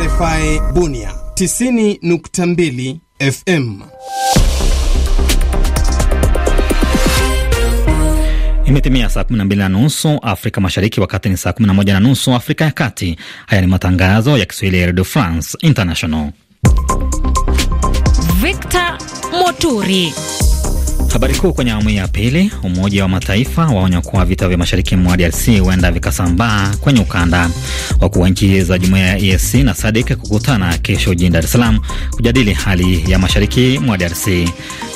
RFI Bunia 90.2 FM. Imetimia saa 12 na nusu Afrika Mashariki, wakati ni saa 11 na nusu Afrika ya Kati. Haya ni matangazo ya Kiswahili ya Radio France International. Victor Moturi Habari kuu kwenye awamu ya pili. Umoja wa Mataifa waonya kuwa vita vya mashariki mwa DRC huenda vikasambaa kwenye ukanda. Wakuu wa nchi za jumuiya ya EAC na SADC kukutana kesho jijini Dar es Salaam kujadili hali ya mashariki mwa DRC.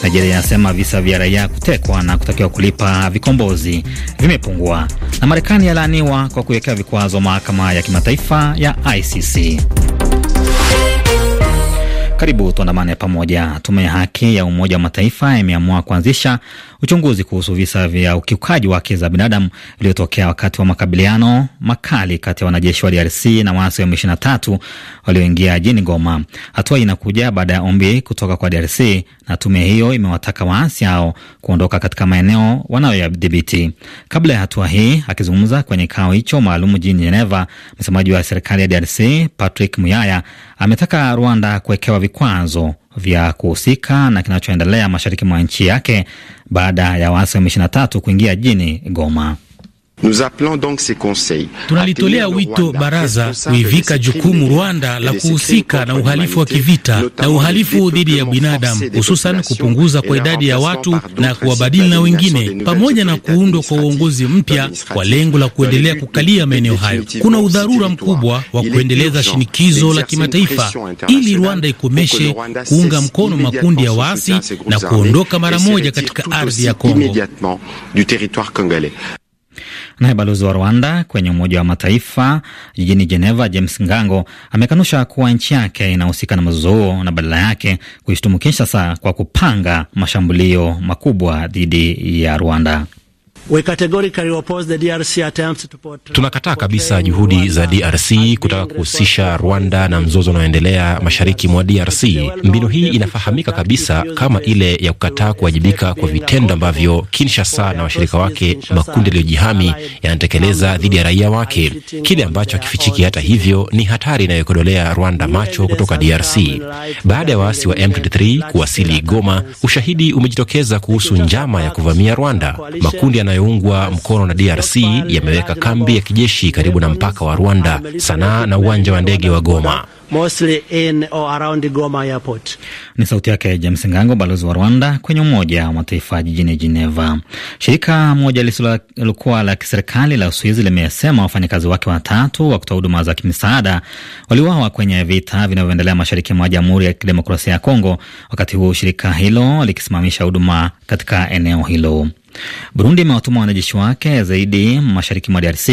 Nigeria inasema visa vya raia kutekwa na kutakiwa kulipa vikombozi vimepungua, na Marekani yalaaniwa kwa kuwekea vikwazo mahakama ya kimataifa ya ICC. Karibu tuandamane pamoja. Tume ya Haki ya Umoja wa Mataifa imeamua kuanzisha uchunguzi kuhusu visa vya ukiukaji wa haki za binadamu iliyotokea wakati wa makabiliano makali kati ya wanajeshi wa DRC na waasi wa M23 walioingia jini Goma. Hatua inakuja baada ya ombi kutoka kwa DRC, na tume hiyo imewataka waasi hao kuondoka katika maeneo wanayoyadhibiti. Kabla ya hatua hii, akizungumza kwenye kikao hicho maalum jini Geneva, msemaji wa serikali ya DRC Patrick Muyaya ametaka Rwanda kuwekewa vikwazo vya kuhusika na kinachoendelea mashariki mwa nchi yake baada ya waasi wa M23 kuingia jini Goma. Tunalitolea wito baraza kuivika jukumu Rwanda la kuhusika na uhalifu wa kivita na uhalifu dhidi ya binadamu, hususan kupunguza kwa idadi ya watu na kuwabadili na wengine, pamoja na kuundwa kwa uongozi mpya kwa lengo la kuendelea kukalia maeneo hayo. Kuna udharura mkubwa wa kuendeleza shinikizo la kimataifa ili Rwanda ikomeshe kuunga mkono makundi ya waasi na kuondoka mara moja katika ardhi ya Kongo. Naye balozi wa Rwanda kwenye Umoja wa Mataifa jijini Geneva, James Ngango, amekanusha kuwa nchi yake inahusika na mzozo huo na badala yake kuishtumu Kinshasa kwa kupanga mashambulio makubwa dhidi ya Rwanda. Tunakataa kabisa juhudi za DRC kutaka kuhusisha Rwanda na mzozo unaoendelea mashariki mwa DRC. Mbinu hii inafahamika kabisa kama ile ya kukataa kuwajibika kwa vitendo ambavyo Kinshasa na washirika wake, makundi yaliyojihami, yanatekeleza dhidi ya raia wake. Kile ambacho hakifichiki hata hivyo ni hatari inayokodolea Rwanda macho kutoka DRC. Baada ya waasi wa M23 kuwasili Goma, ushahidi umejitokeza kuhusu njama ya kuvamia Rwanda. Makundi yana yanayoungwa mkono na DRC yameweka kambi ya kijeshi karibu na mpaka wa Rwanda, Sanaa na uwanja wa ndege wa Goma. In or around Goma airport. Ni sauti yake James Ngango, balozi wa Rwanda kwenye Umoja wa Mataifa jijini Geneva. Shirika moja lisilokuwa la kiserikali la Uswizi limesema wafanyakazi wake watatu wa kutoa huduma za kimisaada waliuawa kwenye vita vinavyoendelea mashariki mwa Jamhuri ya Kidemokrasia ya Kongo, wakati huu shirika hilo likisimamisha huduma katika eneo hilo. Burundi imewatuma wanajeshi wake zaidi mashariki mwa DRC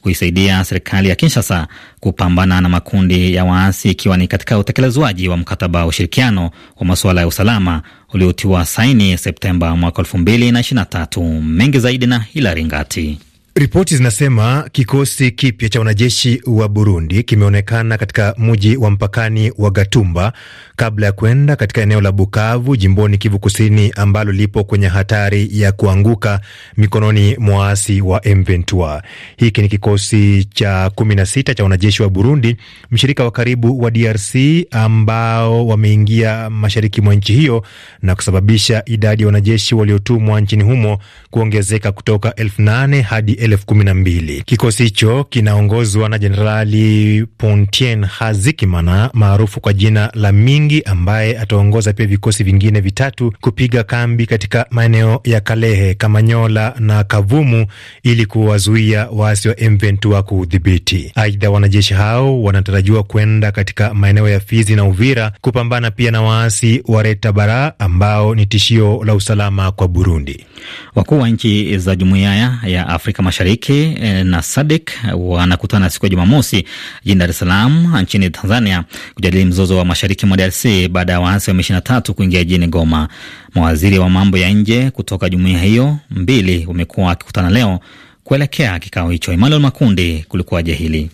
kuisaidia serikali ya Kinshasa kupambana na makundi ya waasi ikiwa ni katika utekelezwaji wa mkataba wa ushirikiano wa masuala ya usalama uliotiwa saini Septemba mwaka 2023. Mengi zaidi na Hilari Ngati. Ripoti zinasema kikosi kipya cha wanajeshi wa Burundi kimeonekana katika mji wa mpakani wa Gatumba kabla ya kwenda katika eneo la Bukavu jimboni Kivu Kusini ambalo lipo kwenye hatari ya kuanguka mikononi mwa waasi wa M23. Hiki ni kikosi cha 16 cha wanajeshi wa Burundi, mshirika wa karibu wa DRC, ambao wameingia mashariki mwa nchi hiyo na kusababisha idadi ya wanajeshi waliotumwa nchini humo kuongezeka kutoka elfu nane hadi elfu kumi na mbili. Kikosi hicho kinaongozwa na Jenerali Pontien Hazikimana maarufu kwa jina la Mingi, ambaye ataongoza pia vikosi vingine vitatu kupiga kambi katika maeneo ya Kalehe, Kamanyola na Kavumu ili kuwazuia waasi wa M23 kuudhibiti. Aidha, wanajeshi hao wanatarajiwa kwenda katika maeneo ya Fizi na Uvira kupambana pia na waasi wa Reta Bara ambao ni tishio la usalama kwa Burundi. Wakuu wa nchi za jumuiya ya Afrika Mashariki eh, na Sadik eh, wanakutana siku ya Jumamosi jijini Dar es Salaam nchini Tanzania kujadili mzozo wa mashariki mwa DRC baada ya waasi wa M23 kuingia jijini Goma. Mawaziri wa mambo ya nje kutoka jumuiya hiyo mbili wamekuwa wakikutana leo kuelekea kikao hicho. Emmanuel Makundi, kulikuwaje hili?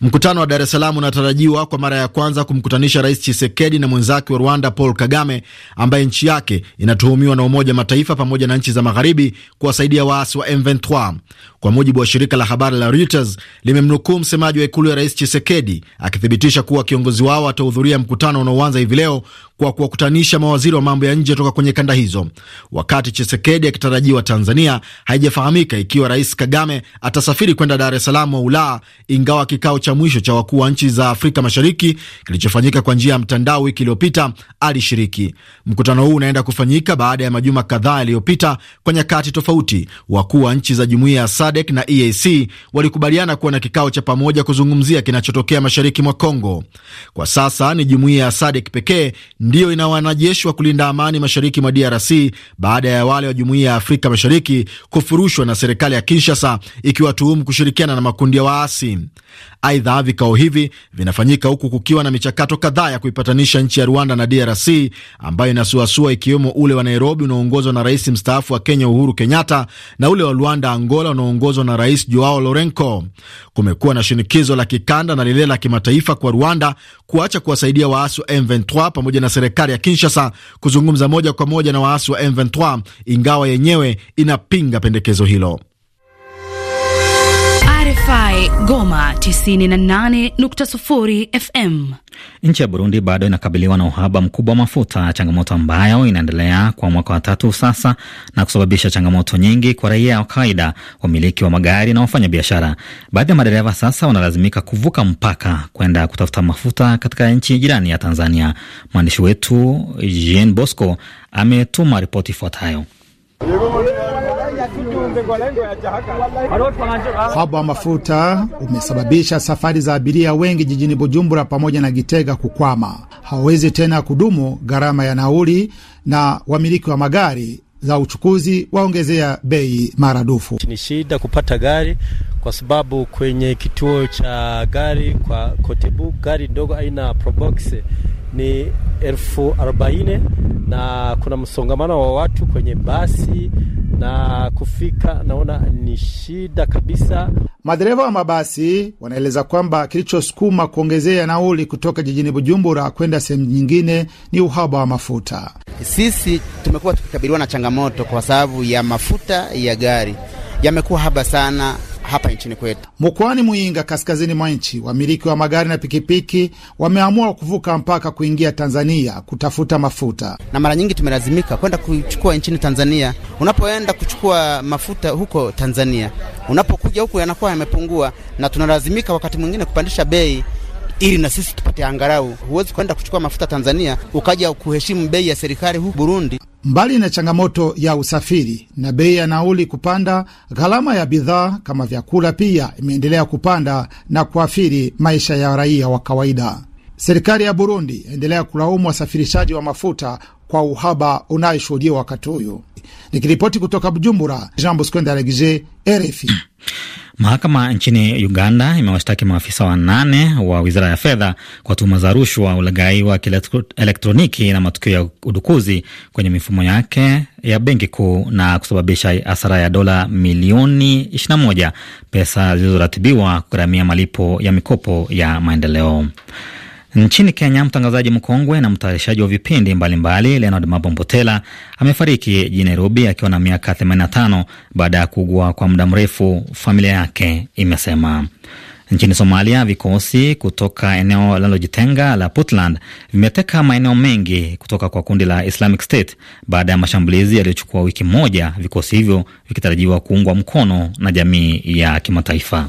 Mkutano wa Dar es Salaam unatarajiwa kwa mara ya kwanza kumkutanisha Rais Chisekedi na mwenzake wa Rwanda Paul Kagame, ambaye nchi yake inatuhumiwa na Umoja wa Mataifa pamoja na nchi za magharibi kuwasaidia waasi wa M23. Kwa mujibu wa shirika la habari la Reuters, limemnukuu msemaji wa ikulu ya Rais Chisekedi akithibitisha kuwa kiongozi wao atahudhuria mkutano unaoanza hivi leo kwa kuwakutanisha mawaziri wa mambo ya nje toka kwenye kanda hizo. Wakati Chisekedi akitarajiwa Tanzania, haijafahamika ikiwa Rais Kagame atasafiri kwenda Dar es Salaam au la, ingawa kikao cha mwisho cha wakuu wa nchi za Afrika Mashariki kilichofanyika kwa njia ya mtandao wiki iliyopita alishiriki. Mkutano huu unaenda kufanyika baada ya majuma kadhaa yaliyopita kwa nyakati tofauti. Wakuu wa nchi za jumuiya ya SADEK na EAC walikubaliana kuwa na kikao cha pamoja kuzungumzia kinachotokea mashariki mwa Kongo. Kwa sasa ni jumuiya ya SADEK pekee ndiyo ina wanajeshi wa kulinda amani mashariki mwa DRC baada ya wale wa jumuiya ya Afrika Mashariki kufurushwa na serikali ya Kinshasa ikiwatuhumu kushirikiana na makundi ya waasi. Aidha, vikao hivi vinafanyika huku kukiwa na michakato kadhaa ya kuipatanisha nchi ya Rwanda na DRC ambayo inasuasua, ikiwemo ule wa Nairobi unaoongozwa na rais mstaafu wa Kenya Uhuru Kenyatta na ule wa Luanda, Angola unaoongozwa na rais Joao Lourenco. Kumekuwa na shinikizo la kikanda na lile la kimataifa kwa Rwanda kuacha kuwasaidia waasi wa M23 pamoja na serikali ya Kinshasa kuzungumza moja kwa moja na waasi wa M23 ingawa yenyewe inapinga pendekezo hilo. RFI Goma 98.0 FM. Nchi ya Burundi bado inakabiliwa na uhaba mkubwa wa mafuta, changamoto ambayo inaendelea kwa mwaka wa tatu sasa na kusababisha changamoto nyingi kwa raia wa kawaida, wamiliki wa magari na wafanyabiashara Baadhi ya madereva sasa wanalazimika kuvuka mpaka kwenda kutafuta mafuta katika nchi jirani ya Tanzania. Mwandishi wetu Jean Bosco ametuma ripoti ifuatayo. Uhaba wa mafuta umesababisha safari za abiria wengi jijini Bujumbura pamoja na Gitega kukwama, hawawezi tena kudumu gharama ya nauli, na wamiliki wa magari za uchukuzi waongezea bei maradufu. Ni shida kupata gari kwa sababu kwenye kituo cha gari kwa Kotebu gari ndogo aina Probox ni elfu arobaini na kuna msongamano wa watu kwenye basi na kufika, naona ni shida kabisa. Madereva wa mabasi wanaeleza kwamba kilichosukuma kuongezea nauli kutoka jijini Bujumbura kwenda sehemu nyingine ni uhaba wa mafuta. Sisi tumekuwa tukikabiliwa na changamoto kwa sababu ya mafuta ya gari yamekuwa haba sana hapa nchini kwetu. Mkoani Muinga, kaskazini mwa nchi, wamiliki wa magari na pikipiki wameamua kuvuka mpaka kuingia Tanzania kutafuta mafuta, na mara nyingi tumelazimika kwenda kuchukua nchini Tanzania. Unapoenda kuchukua mafuta huko Tanzania, unapokuja huku yanakuwa yamepungua, na tunalazimika wakati mwingine kupandisha bei ili na sisi tupate angalau. Huwezi kwenda kuchukua mafuta Tanzania ukaja kuheshimu bei ya serikali huku Burundi. Mbali na changamoto ya usafiri na bei ya nauli kupanda, gharama ya bidhaa kama vyakula pia imeendelea kupanda na kuathiri maisha ya raia wa kawaida. Serikali ya Burundi endelea kulaumu wasafirishaji wa mafuta kwa uhaba unayoshuhudia wakati huyu. Nikiripoti kutoka Bujumbura, Jean Bosco Ndalegize, RFI. Mahakama nchini Uganda imewashtaki maafisa wanane wa wizara ya fedha kwa tuhuma za rushwa, ulegai wa kielektroniki na matukio ya udukuzi kwenye mifumo yake ya benki kuu na kusababisha hasara ya dola milioni 21, pesa zilizoratibiwa kugharamia malipo ya mikopo ya maendeleo. Nchini Kenya, mtangazaji mkongwe na mtayarishaji wa vipindi mbalimbali Leonard Mabombothela amefariki jijini Nairobi akiwa na miaka 85 baada ya kuugua kwa muda mrefu, familia yake imesema. Nchini Somalia, vikosi kutoka eneo linalojitenga la Puntland vimeteka maeneo mengi kutoka kwa kundi la Islamic State baada ya mashambulizi yaliyochukua wiki moja, vikosi hivyo vikitarajiwa kuungwa mkono na jamii ya kimataifa.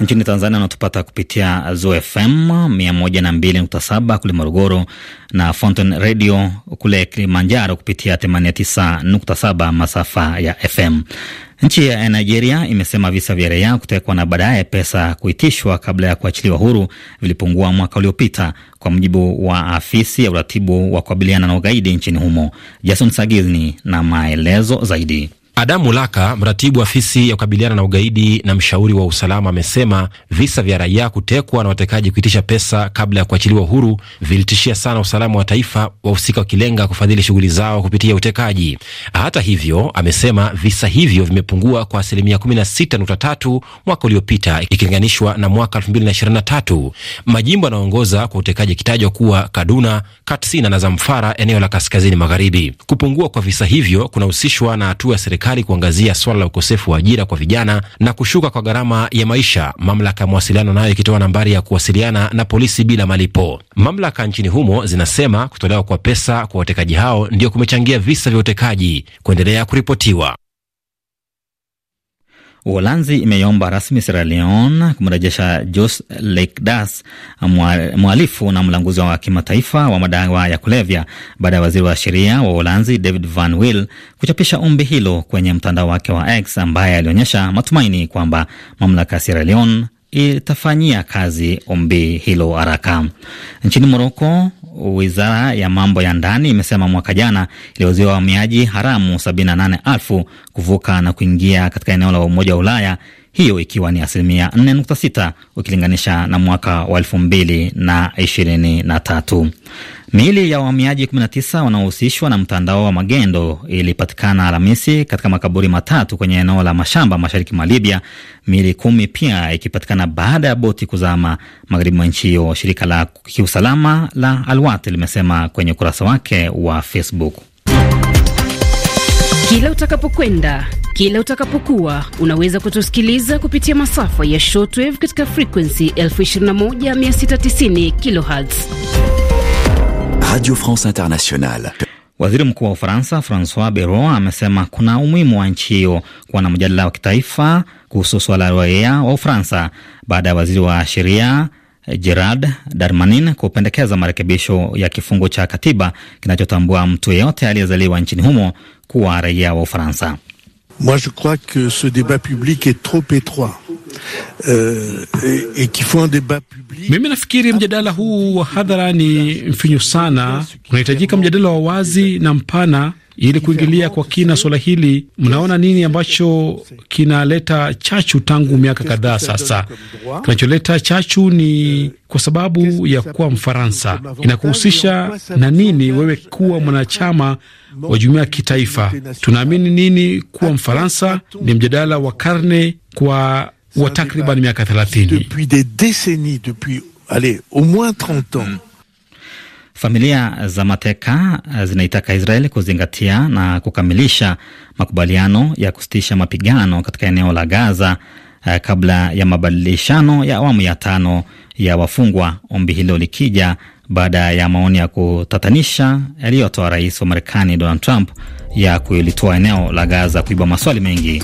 Nchini Tanzania anatupata kupitia Zoo FM 102.7 kule Morogoro na Fountain Radio kule Kilimanjaro kupitia 89.7 masafa ya FM. Nchi ya Nigeria imesema visa vya raia kutekwa na baadaye pesa kuitishwa kabla ya kuachiliwa huru vilipungua mwaka uliopita, kwa mujibu wa afisi ya uratibu wa kukabiliana na ugaidi nchini humo. Jason Sagini na maelezo zaidi. Adamu Laka, mratibu afisi ya kukabiliana na ugaidi na mshauri wa usalama, amesema visa vya raia kutekwa na watekaji kuitisha pesa kabla ya kuachiliwa huru vilitishia sana usalama wa taifa, wahusika wakilenga kufadhili shughuli zao kupitia utekaji. Hata hivyo, amesema visa hivyo vimepungua kwa asilimia 16.3 mwaka uliopita ikilinganishwa na mwaka 2023. Majimbo yanayoongoza kwa utekaji yakitajwa kuwa Kaduna, Katsina na Zamfara, eneo la kaskazini magharibi. Kupungua kwa visa hivyo kunahusishwa na hatua ya serikali serikali kuangazia swala la ukosefu wa ajira kwa vijana na kushuka kwa gharama ya maisha, mamlaka ya mawasiliano nayo ikitoa nambari ya kuwasiliana na polisi bila malipo. Mamlaka nchini humo zinasema kutolewa kwa pesa kwa watekaji hao ndio kumechangia visa vya utekaji kuendelea kuripotiwa. Uholanzi imeiomba rasmi Sierra Leone kumrejesha Jos Leykdas, mwalifu na mlanguzi wa kimataifa wa madawa ya kulevya baada ya waziri wa sheria wa Uholanzi David Van will kuchapisha ombi hilo kwenye mtandao wake wa X, ambaye alionyesha matumaini kwamba mamlaka ya Sierra Leone itafanyia kazi ombi hilo haraka. Nchini Moroko, Wizara ya mambo ya ndani imesema mwaka jana iliwazuia wahamiaji haramu 78,000 kuvuka na kuingia katika eneo la Umoja wa Ulaya, hiyo ikiwa ni asilimia 4.6 ukilinganisha na mwaka wa 2023. Miili ya wahamiaji 19 wanaohusishwa na mtandao wa magendo ilipatikana Alhamisi katika makaburi matatu kwenye eneo la mashamba mashariki mwa Libya, miili kumi pia ikipatikana baada ya boti kuzama magharibi mwa nchi hiyo, shirika la kiusalama la Alwati limesema kwenye ukurasa wake wa Facebook. Kila utakapokwenda kila utakapokuwa unaweza kutusikiliza kupitia masafa ya shortwave katika frekuensi 21690 kilohertz Radio France Internationale. Waziri Mkuu wa Ufaransa Francois bero amesema kuna umuhimu wa nchi hiyo kuwa na mjadala wa kitaifa kuhusu suala la raia wa Ufaransa baada ya waziri wa sheria Gerard Darmanin kupendekeza marekebisho ya kifungu cha katiba kinachotambua mtu yeyote aliyezaliwa nchini humo kuwa raia wa Ufaransa. Moi, je crois que ce débat public est trop étroit. Euh, et, et un débat public. Mimi nafikiri mjadala huu wa hadhara ni mfinyu sana, unahitajika mjadala wa wazi na mpana Ili kuingilia kwa kina suala hili, mnaona nini ambacho kinaleta chachu tangu miaka kadhaa sasa? Kinacholeta chachu ni kwa sababu ya kuwa Mfaransa. Inakuhusisha na nini wewe kuwa mwanachama wa jumuiya ya kitaifa? Tunaamini nini kuwa Mfaransa? Ni mjadala wa karne kwa wa takriban miaka thelathini. Familia za mateka eh, zinaitaka israel kuzingatia na kukamilisha makubaliano ya kusitisha mapigano katika eneo la Gaza eh, kabla ya mabadilishano ya awamu ya tano ya wafungwa, ombi hilo likija baada ya maoni ya kutatanisha yaliyotoa rais wa Marekani Donald Trump ya kulitoa eneo la Gaza kuibwa maswali mengi.